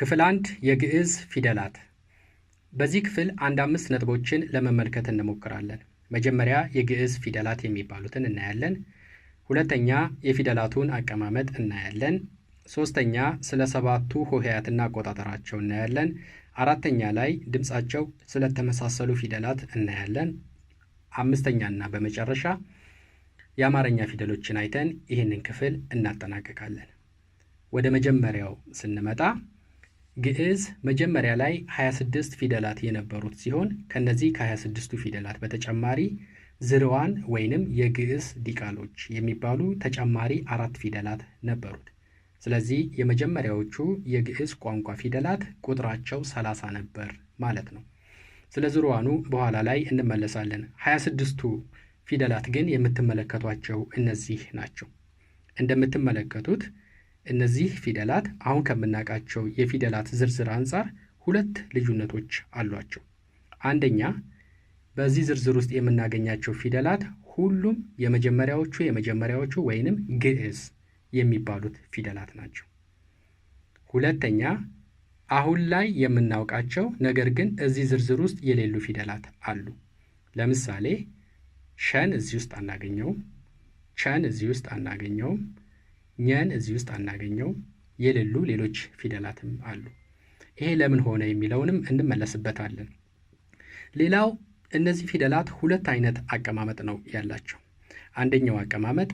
ክፍል አንድ የግዕዝ ፊደላት። በዚህ ክፍል አንድ አምስት ነጥቦችን ለመመልከት እንሞክራለን። መጀመሪያ የግዕዝ ፊደላት የሚባሉትን እናያለን። ሁለተኛ የፊደላቱን አቀማመጥ እናያለን። ሶስተኛ ስለ ሰባቱ ሆሄያትና አቆጣጠራቸው እናያለን። አራተኛ ላይ ድምፃቸው ስለተመሳሰሉ ፊደላት እናያለን። አምስተኛና በመጨረሻ የአማርኛ ፊደሎችን አይተን ይህንን ክፍል እናጠናቀቃለን። ወደ መጀመሪያው ስንመጣ ግዕዝ መጀመሪያ ላይ 26 ፊደላት የነበሩት ሲሆን ከነዚህ ከ26ቱ ፊደላት በተጨማሪ ዝርዋን ወይንም የግዕዝ ዲቃሎች የሚባሉ ተጨማሪ አራት ፊደላት ነበሩት። ስለዚህ የመጀመሪያዎቹ የግዕዝ ቋንቋ ፊደላት ቁጥራቸው 30 ነበር ማለት ነው። ስለ ዝርዋኑ በኋላ ላይ እንመለሳለን። 26ቱ ፊደላት ግን የምትመለከቷቸው እነዚህ ናቸው። እንደምትመለከቱት እነዚህ ፊደላት አሁን ከምናውቃቸው የፊደላት ዝርዝር አንጻር ሁለት ልዩነቶች አሏቸው። አንደኛ በዚህ ዝርዝር ውስጥ የምናገኛቸው ፊደላት ሁሉም የመጀመሪያዎቹ የመጀመሪያዎቹ ወይንም ግዕዝ የሚባሉት ፊደላት ናቸው። ሁለተኛ አሁን ላይ የምናውቃቸው ነገር ግን እዚህ ዝርዝር ውስጥ የሌሉ ፊደላት አሉ። ለምሳሌ ሸን እዚህ ውስጥ አናገኘውም። ቸን እዚህ ውስጥ አናገኘውም። ኘን እዚህ ውስጥ አናገኘውም። የሌሉ ሌሎች ፊደላትም አሉ። ይሄ ለምን ሆነ የሚለውንም እንመለስበታለን። ሌላው እነዚህ ፊደላት ሁለት አይነት አቀማመጥ ነው ያላቸው። አንደኛው አቀማመጥ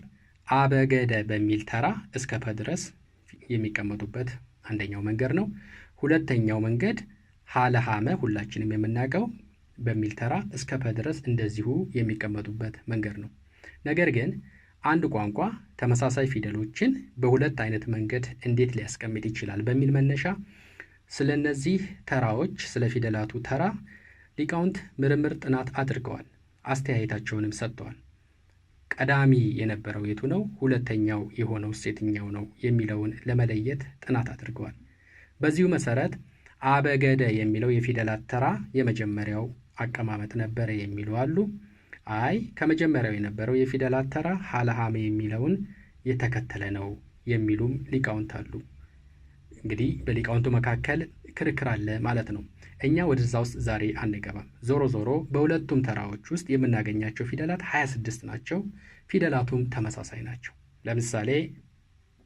አበገደ በሚል ተራ እስከ ፐ ድረስ የሚቀመጡበት አንደኛው መንገድ ነው። ሁለተኛው መንገድ ሀለሃመ ሁላችንም የምናውቀው በሚል ተራ እስከ ፐ ድረስ እንደዚሁ የሚቀመጡበት መንገድ ነው። ነገር ግን አንድ ቋንቋ ተመሳሳይ ፊደሎችን በሁለት አይነት መንገድ እንዴት ሊያስቀምጥ ይችላል በሚል መነሻ ስለ እነዚህ ተራዎች ስለ ፊደላቱ ተራ ሊቃውንት ምርምር ጥናት አድርገዋል፣ አስተያየታቸውንም ሰጥተዋል። ቀዳሚ የነበረው የቱ ነው፣ ሁለተኛው የሆነው የትኛው ነው የሚለውን ለመለየት ጥናት አድርገዋል። በዚሁ መሰረት አበገደ የሚለው የፊደላት ተራ የመጀመሪያው አቀማመጥ ነበረ የሚሉ አሉ። አይ ከመጀመሪያው የነበረው የፊደላት ተራ ሀለሃሜ የሚለውን የተከተለ ነው የሚሉም ሊቃውንት አሉ። እንግዲህ በሊቃውንቱ መካከል ክርክር አለ ማለት ነው። እኛ ወደዛ ውስጥ ዛሬ አንገባም። ዞሮ ዞሮ በሁለቱም ተራዎች ውስጥ የምናገኛቸው ፊደላት 26 ናቸው። ፊደላቱም ተመሳሳይ ናቸው። ለምሳሌ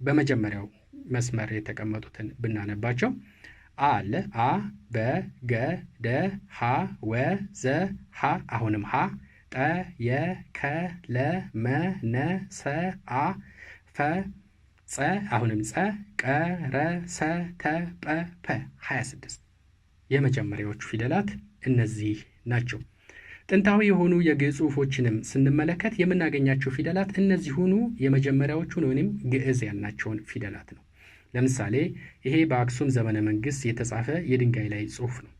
በመጀመሪያው መስመር የተቀመጡትን ብናነባቸው አ አለ አ በ ገ ደ ሀ ወ ዘ ሀ አሁንም ሀ ጠ ፈ ጸ አሁንም ጸ 26 የመጀመሪያዎቹ ፊደላት እነዚህ ናቸው። ጥንታዊ የሆኑ የግዕዝ ጽሑፎችንም ስንመለከት የምናገኛቸው ፊደላት እነዚሁኑ የመጀመሪያዎቹን ወይም ግዕዝ ያልናቸውን ፊደላት ነው። ለምሳሌ ይሄ በአክሱም ዘመነ መንግስት የተጻፈ የድንጋይ ላይ ጽሑፍ ነው።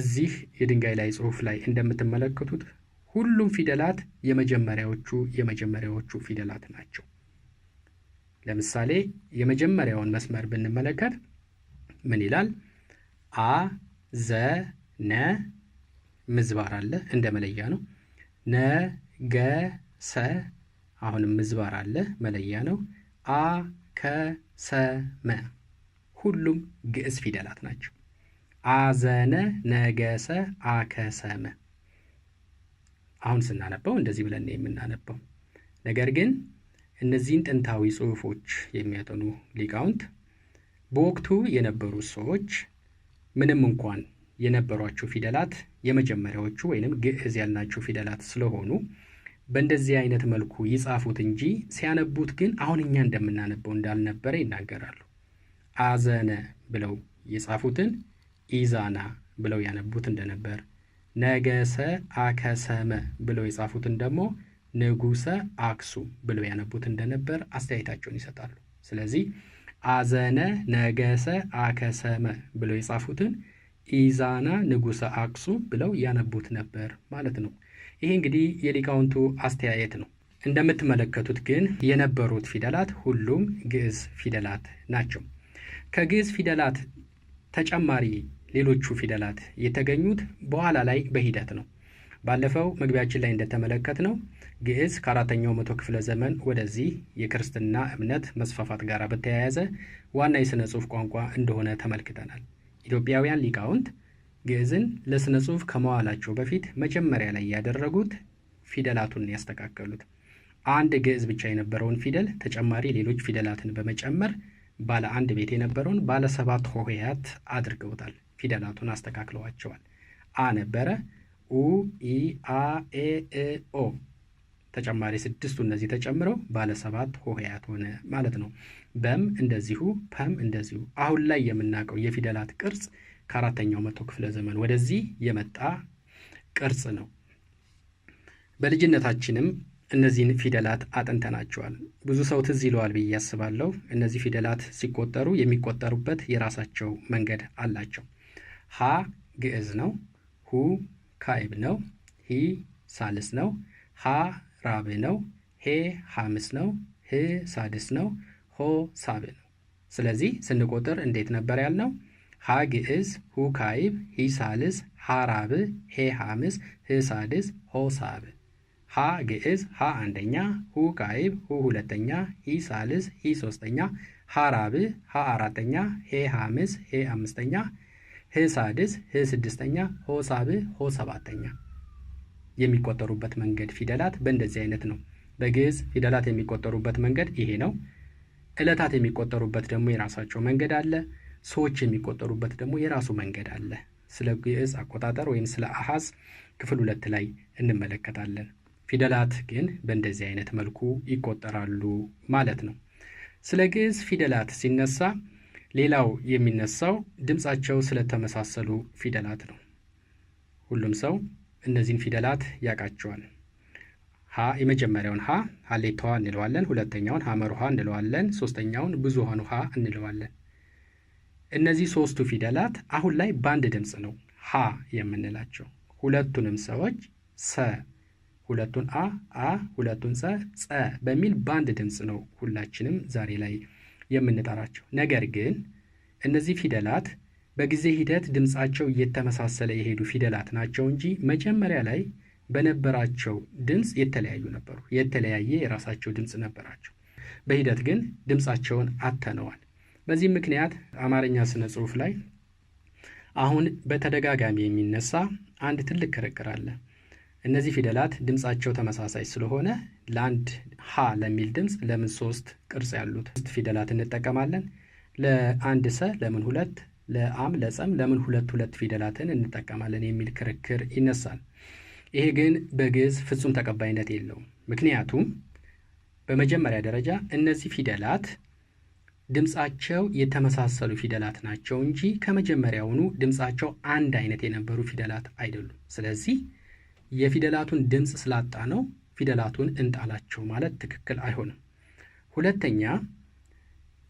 እዚህ የድንጋይ ላይ ጽሑፍ ላይ እንደምትመለከቱት ሁሉም ፊደላት የመጀመሪያዎቹ የመጀመሪያዎቹ ፊደላት ናቸው። ለምሳሌ የመጀመሪያውን መስመር ብንመለከት ምን ይላል? አ ዘ ነ ምዝባር አለ፣ እንደ መለያ ነው። ነ ገ ሰ አሁንም ምዝባር አለ፣ መለያ ነው። አ ከ ሰ መ ሁሉም ግዕዝ ፊደላት ናቸው። አዘነ ነገሰ አከሰመ አሁን ስናነበው እንደዚህ ብለን ነው የምናነበው። ነገር ግን እነዚህን ጥንታዊ ጽሑፎች የሚያጠኑ ሊቃውንት በወቅቱ የነበሩ ሰዎች ምንም እንኳን የነበሯቸው ፊደላት የመጀመሪያዎቹ ወይንም ግዕዝ ያልናቸው ፊደላት ስለሆኑ በእንደዚህ አይነት መልኩ ይጻፉት እንጂ ሲያነቡት ግን አሁን እኛ እንደምናነበው እንዳልነበረ ይናገራሉ። አዘነ ብለው የጻፉትን ኢዛና ብለው ያነቡት እንደነበር ነገሰ አከሰመ ብለው የጻፉትን ደግሞ ንጉሰ አክሱም ብለው ያነቡት እንደነበር አስተያየታቸውን ይሰጣሉ። ስለዚህ አዘነ ነገሰ አከሰመ ብለው የጻፉትን ኢዛና ንጉሰ አክሱም ብለው ያነቡት ነበር ማለት ነው። ይህ እንግዲህ የሊቃውንቱ አስተያየት ነው። እንደምትመለከቱት ግን የነበሩት ፊደላት ሁሉም ግዕዝ ፊደላት ናቸው። ከግዕዝ ፊደላት ተጨማሪ ሌሎቹ ፊደላት የተገኙት በኋላ ላይ በሂደት ነው። ባለፈው መግቢያችን ላይ እንደተመለከት ነው ግዕዝ ከአራተኛው መቶ ክፍለ ዘመን ወደዚህ የክርስትና እምነት መስፋፋት ጋር በተያያዘ ዋና የሥነ ጽሑፍ ቋንቋ እንደሆነ ተመልክተናል። ኢትዮጵያውያን ሊቃውንት ግዕዝን ለሥነ ጽሑፍ ከመዋላቸው በፊት መጀመሪያ ላይ ያደረጉት ፊደላቱን ያስተካከሉት፣ አንድ ግዕዝ ብቻ የነበረውን ፊደል ተጨማሪ ሌሎች ፊደላትን በመጨመር ባለ አንድ ቤት የነበረውን ባለ ሰባት ሆሄያት አድርገውታል። ፊደላቱን አስተካክለዋቸዋል። አ ነበረ ኡ ኢ አ ኤ እ ኦ ተጨማሪ ስድስቱ እነዚህ ተጨምረው ባለ ሰባት ሆሄያት ሆነ ማለት ነው። በም እንደዚሁ ፐም እንደዚሁ። አሁን ላይ የምናውቀው የፊደላት ቅርጽ ከአራተኛው መቶ ክፍለ ዘመን ወደዚህ የመጣ ቅርጽ ነው። በልጅነታችንም እነዚህን ፊደላት አጥንተናቸዋል። ብዙ ሰው ትዝ ይለዋል ብዬ ያስባለሁ። እነዚህ ፊደላት ሲቆጠሩ የሚቆጠሩበት የራሳቸው መንገድ አላቸው። ሀ ግዕዝ ነው። ሁ ካኢብ ነው። ሂ ሳልስ ነው። ሀ ራብዕ ነው። ሄ ሐምስ ነው። ህ ሳድስ ነው። ሆ ሳብዕ ነው። ስለዚህ ስንቆጥር እንዴት ነበር ያልነው? ሀ ግዕዝ፣ ሁ ካኢብ፣ ሂ ሳልስ፣ ሀ ራብዕ፣ ሄ ሐምስ፣ ህ ሳድስ፣ ሆ ሳብዕ። ሀ ግዕዝ፣ ሀ አንደኛ፣ ሁ ካኢብ፣ ሁ ሁለተኛ፣ ሂ ሳልስ፣ ሂ ሶስተኛ፣ ሀ ራብዕ፣ ሀ አራተኛ፣ ሄ ሐምስ፣ ሄ አምስተኛ ህ ሳድስ ህ ስድስተኛ ሆ ሳብ ሆ ሰባተኛ የሚቆጠሩበት መንገድ ፊደላት በእንደዚህ አይነት ነው። በግዕዝ ፊደላት የሚቆጠሩበት መንገድ ይሄ ነው። ዕለታት የሚቆጠሩበት ደግሞ የራሳቸው መንገድ አለ። ሰዎች የሚቆጠሩበት ደግሞ የራሱ መንገድ አለ። ስለ ግዕዝ አቆጣጠር ወይም ስለ አሐዝ ክፍል ሁለት ላይ እንመለከታለን። ፊደላት ግን በእንደዚህ አይነት መልኩ ይቆጠራሉ ማለት ነው። ስለ ግዕዝ ፊደላት ሲነሳ ሌላው የሚነሳው ድምፃቸው ስለተመሳሰሉ ፊደላት ነው። ሁሉም ሰው እነዚህን ፊደላት ያውቃቸዋል። ሀ የመጀመሪያውን ሀ ሀሌታዋ እንለዋለን። ሁለተኛውን ሀመሩሃ እንለዋለን። ሶስተኛውን ብዙሃኑ ሀ እንለዋለን። እነዚህ ሶስቱ ፊደላት አሁን ላይ በአንድ ድምፅ ነው ሀ የምንላቸው። ሁለቱንም ሰዎች ሰ ሁለቱን አ አ ሁለቱን ጸ ጸ በሚል በአንድ ድምፅ ነው ሁላችንም ዛሬ ላይ የምንጠራቸው። ነገር ግን እነዚህ ፊደላት በጊዜ ሂደት ድምፃቸው እየተመሳሰለ የሄዱ ፊደላት ናቸው እንጂ መጀመሪያ ላይ በነበራቸው ድምፅ የተለያዩ ነበሩ። የተለያየ የራሳቸው ድምፅ ነበራቸው። በሂደት ግን ድምፃቸውን አተነዋል። በዚህ ምክንያት አማርኛ ስነ ጽሁፍ ላይ አሁን በተደጋጋሚ የሚነሳ አንድ ትልቅ ክርክር አለ። እነዚህ ፊደላት ድምፃቸው ተመሳሳይ ስለሆነ ለአንድ ሀ ለሚል ድምፅ ለምን ሶስት ቅርጽ ያሉት ሶስት ፊደላት እንጠቀማለን። ለአንድ ሰ ለምን ሁለት፣ ለአም ለጸም ለምን ሁለት ሁለት ፊደላትን እንጠቀማለን የሚል ክርክር ይነሳል። ይሄ ግን በግዕዝ ፍጹም ተቀባይነት የለውም። ምክንያቱም በመጀመሪያ ደረጃ እነዚህ ፊደላት ድምፃቸው የተመሳሰሉ ፊደላት ናቸው እንጂ ከመጀመሪያውኑ ድምፃቸው አንድ አይነት የነበሩ ፊደላት አይደሉም። ስለዚህ የፊደላቱን ድምፅ ስላጣ ነው ፊደላቱን እንጣላቸው ማለት ትክክል አይሆንም። ሁለተኛ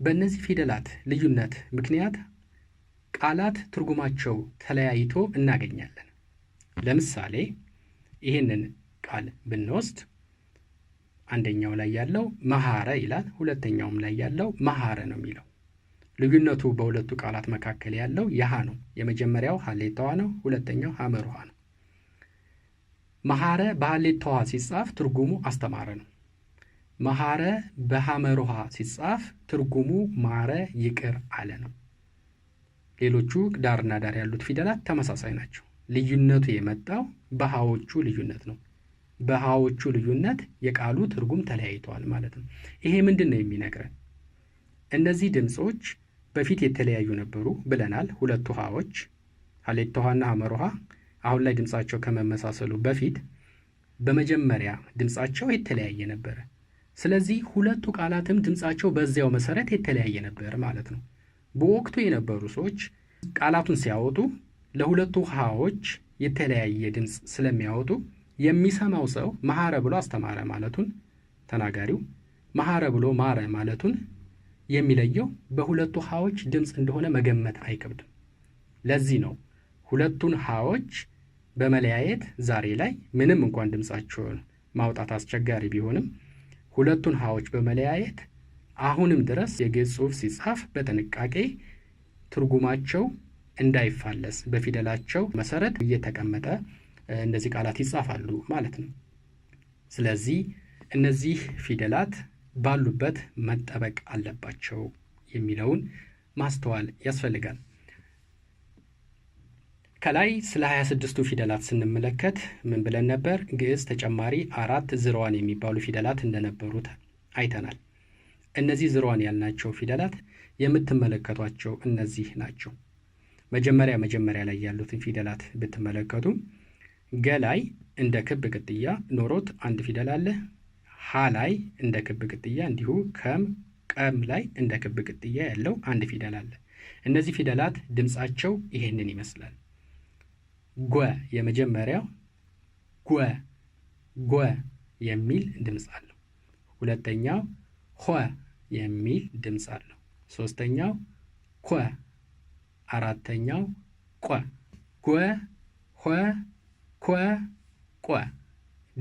በእነዚህ ፊደላት ልዩነት ምክንያት ቃላት ትርጉማቸው ተለያይቶ እናገኛለን። ለምሳሌ ይህንን ቃል ብንወስድ አንደኛው ላይ ያለው መሐረ ይላል፣ ሁለተኛውም ላይ ያለው መሐረ ነው የሚለው። ልዩነቱ በሁለቱ ቃላት መካከል ያለው የሃ ነው። የመጀመሪያው ሀሌታዋ ነው፣ ሁለተኛው ሀመር ውሃ ነው። መሐረ ባሌተዋ ሲጻፍ ትርጉሙ አስተማረ ነው። መሐረ በሐመሮሃ ሲጻፍ ትርጉሙ ማረ ይቅር አለ ነው። ሌሎቹ ዳርና ዳር ያሉት ፊደላት ተመሳሳይ ናቸው። ልዩነቱ የመጣው በሃዎቹ ልዩነት ነው። በሃዎቹ ልዩነት የቃሉ ትርጉም ተለያይተዋል ማለት ነው። ይሄ ምንድን ነው የሚነግረን? እነዚህ ድምፆች በፊት የተለያዩ ነበሩ ብለናል። ሁለቱ ሃዎች ሀሌት ሐመሮሃ አሁን ላይ ድምፃቸው ከመመሳሰሉ በፊት በመጀመሪያ ድምፃቸው የተለያየ ነበረ። ስለዚህ ሁለቱ ቃላትም ድምፃቸው በዚያው መሰረት የተለያየ ነበር ማለት ነው። በወቅቱ የነበሩ ሰዎች ቃላቱን ሲያወጡ ለሁለቱ ሀዎች የተለያየ ድምፅ ስለሚያወጡ የሚሰማው ሰው መሐረ ብሎ አስተማረ ማለቱን ተናጋሪው መሐረ ብሎ ማረ ማለቱን የሚለየው በሁለቱ ሀዎች ድምፅ እንደሆነ መገመት አይከብድም። ለዚህ ነው ሁለቱን ሀዎች በመለያየት ዛሬ ላይ ምንም እንኳን ድምፃቸውን ማውጣት አስቸጋሪ ቢሆንም ሁለቱን ሀዎች በመለያየት አሁንም ድረስ የግዕዝ ጽሑፍ ሲጻፍ በጥንቃቄ ትርጉማቸው እንዳይፋለስ በፊደላቸው መሰረት እየተቀመጠ እነዚህ ቃላት ይጻፋሉ ማለት ነው። ስለዚህ እነዚህ ፊደላት ባሉበት መጠበቅ አለባቸው የሚለውን ማስተዋል ያስፈልጋል። ከላይ ስለ 26ቱ ፊደላት ስንመለከት ምን ብለን ነበር? ግዕዝ ተጨማሪ አራት ዝሮዋን የሚባሉ ፊደላት እንደነበሩት አይተናል። እነዚህ ዝሮዋን ያልናቸው ፊደላት የምትመለከቷቸው እነዚህ ናቸው። መጀመሪያ መጀመሪያ ላይ ያሉትን ፊደላት ብትመለከቱ ገ ላይ እንደ ክብ ቅጥያ ኖሮት አንድ ፊደል አለ። ሀ ላይ እንደ ክብ ቅጥያ እንዲሁ ከም ቀም ላይ እንደ ክብ ቅጥያ ያለው አንድ ፊደል አለ። እነዚህ ፊደላት ድምፃቸው ይህንን ይመስላል። ጓ የመጀመሪያው ጓ ጓ የሚል ድምፅ አለው። ሁለተኛው ኸ የሚል ድምፅ አለው። ሶስተኛው ኮ፣ አራተኛው ቆ። ጎ፣ ኸ ኮ፣ ቆ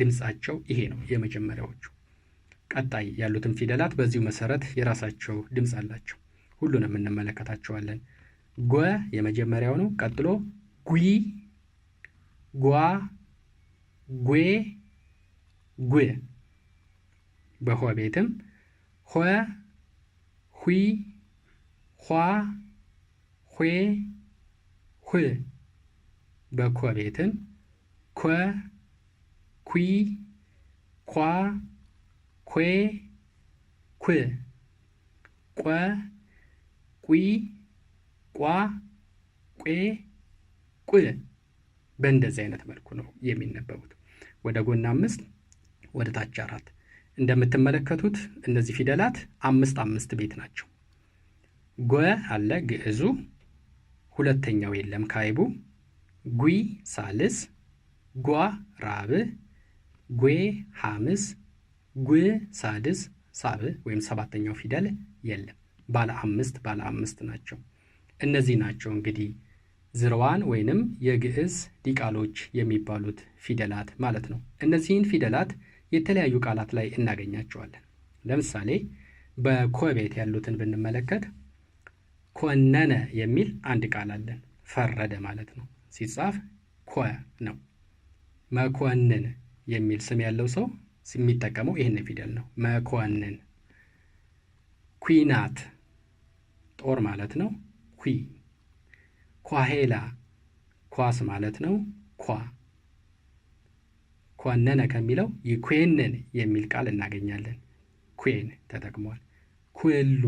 ድምፃቸው ይሄ ነው የመጀመሪያዎቹ። ቀጣይ ያሉትን ፊደላት በዚሁ መሰረት የራሳቸው ድምፅ አላቸው። ሁሉንም እንመለከታቸዋለን። ጎ የመጀመሪያው ነው። ቀጥሎ ጉይ ጓ ጉ ጉ በሆ ቤትም ሆ ሁ ኳ ሁ ሁ በኮ ቤትም ኮ ኩ ኳ ኩ ኩ ቆ ቁ ቋ ቄ ቁ በእንደዚህ አይነት መልኩ ነው የሚነበቡት። ወደ ጎን አምስት፣ ወደ ታች አራት። እንደምትመለከቱት እነዚህ ፊደላት አምስት አምስት ቤት ናቸው። ጎ አለ ግዕዙ፣ ሁለተኛው የለም ካይቡ፣ ጉ ሳልስ፣ ጓ ራብ፣ ጉ ሐምስ፣ ጉ ሳድስ፣ ሳብ ወይም ሰባተኛው ፊደል የለም። ባለ አምስት ባለ አምስት ናቸው። እነዚህ ናቸው እንግዲህ ዝርዋን ወይንም የግዕዝ ዲቃሎች የሚባሉት ፊደላት ማለት ነው። እነዚህን ፊደላት የተለያዩ ቃላት ላይ እናገኛቸዋለን። ለምሳሌ በኮ ቤት ያሉትን ብንመለከት ኮነነ የሚል አንድ ቃል አለን። ፈረደ ማለት ነው። ሲጻፍ ኮ ነው። መኮንን የሚል ስም ያለው ሰው የሚጠቀመው ይህን ፊደል ነው። መኮንን። ኩናት ጦር ማለት ነው። ኩ ኳሄላ ኳስ ማለት ነው። ኳ ኳነነ ከሚለው ይኩንን የሚል ቃል እናገኛለን። ኩን ተጠቅሟል። ኩሉ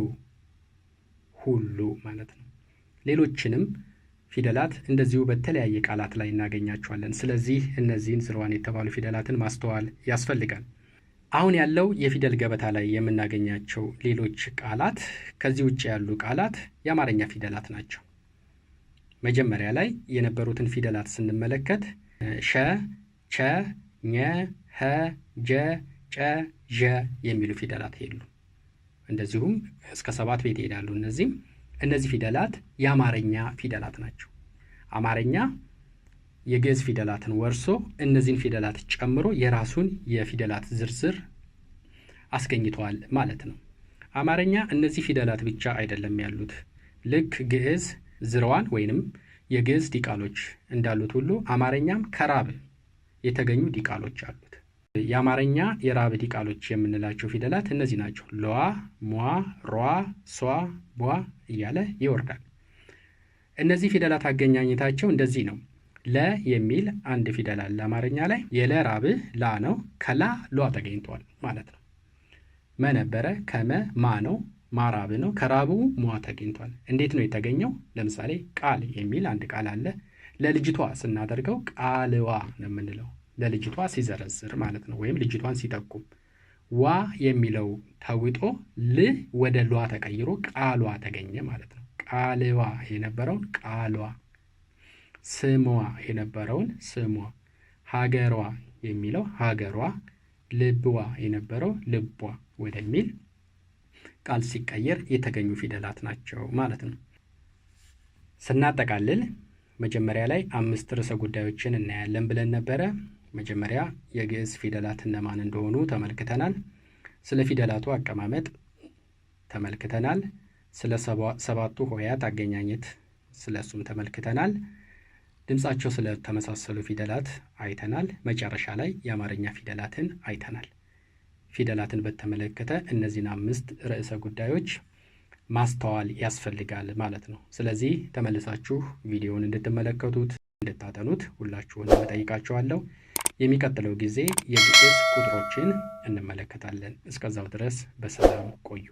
ሁሉ ማለት ነው። ሌሎችንም ፊደላት እንደዚሁ በተለያየ ቃላት ላይ እናገኛቸዋለን። ስለዚህ እነዚህን ስርዋን የተባሉ ፊደላትን ማስተዋል ያስፈልጋል። አሁን ያለው የፊደል ገበታ ላይ የምናገኛቸው ሌሎች ቃላት ከዚህ ውጭ ያሉ ቃላት የአማርኛ ፊደላት ናቸው። መጀመሪያ ላይ የነበሩትን ፊደላት ስንመለከት ሸ፣ ቸ፣ ኘ፣ ሀ፣ ጀ፣ ጨ፣ ዠ የሚሉ ፊደላት ሄዱ። እንደዚሁም እስከ ሰባት ቤት ይሄዳሉ። እነዚህም እነዚህ ፊደላት የአማርኛ ፊደላት ናቸው። አማርኛ የግዕዝ ፊደላትን ወርሶ እነዚህን ፊደላት ጨምሮ የራሱን የፊደላት ዝርዝር አስገኝተዋል ማለት ነው። አማርኛ እነዚህ ፊደላት ብቻ አይደለም ያሉት ልክ ግዕዝ ዝረዋን ወይንም የግዕዝ ዲቃሎች እንዳሉት ሁሉ አማርኛም ከራብ የተገኙ ዲቃሎች አሉት። የአማርኛ የራብ ዲቃሎች የምንላቸው ፊደላት እነዚህ ናቸው። ለዋ፣ ሟ፣ ሯ፣ ሷ፣ ቧ እያለ ይወርዳል። እነዚህ ፊደላት አገኛኝታቸው እንደዚህ ነው። ለ የሚል አንድ ፊደል አለ አማርኛ ላይ። የለ ራብ ላ ነው። ከላ ሏ ተገኝቷል ማለት ነው። መነበረ ከመ ማ ነው። ማራብ ነው። ከራቡ ሟ ተገኝቷል። እንዴት ነው የተገኘው? ለምሳሌ ቃል የሚል አንድ ቃል አለ። ለልጅቷ ስናደርገው ቃልዋ ነው የምንለው። ለልጅቷ ሲዘረዝር ማለት ነው፣ ወይም ልጅቷን ሲጠቁም። ዋ የሚለው ተውጦ ል ወደ ሏ ተቀይሮ ቃሏ ተገኘ ማለት ነው። ቃልዋ የነበረውን ቃሏ፣ ስሟ የነበረውን ስሟ፣ ሀገሯ የሚለው ሀገሯ፣ ልብዋ የነበረው ልቧ ወደሚል ቃል ሲቀየር የተገኙ ፊደላት ናቸው ማለት ነው። ስናጠቃልል መጀመሪያ ላይ አምስት ርዕሰ ጉዳዮችን እናያለን ብለን ነበረ። መጀመሪያ የግዕዝ ፊደላት እነማን እንደሆኑ ተመልክተናል። ስለ ፊደላቱ አቀማመጥ ተመልክተናል። ስለ ሰባቱ ሆሄያት አገኛኘት ስለ እሱም ተመልክተናል። ድምፃቸው ስለተመሳሰሉ ፊደላት አይተናል። መጨረሻ ላይ የአማርኛ ፊደላትን አይተናል። ፊደላትን በተመለከተ እነዚህን አምስት ርዕሰ ጉዳዮች ማስተዋል ያስፈልጋል ማለት ነው። ስለዚህ ተመልሳችሁ ቪዲዮውን እንድትመለከቱት እንድታጠኑት ሁላችሁን እጠይቃችኋለሁ። የሚቀጥለው ጊዜ የግዕዝ ቁጥሮችን እንመለከታለን። እስከዛው ድረስ በሰላም ቆዩ።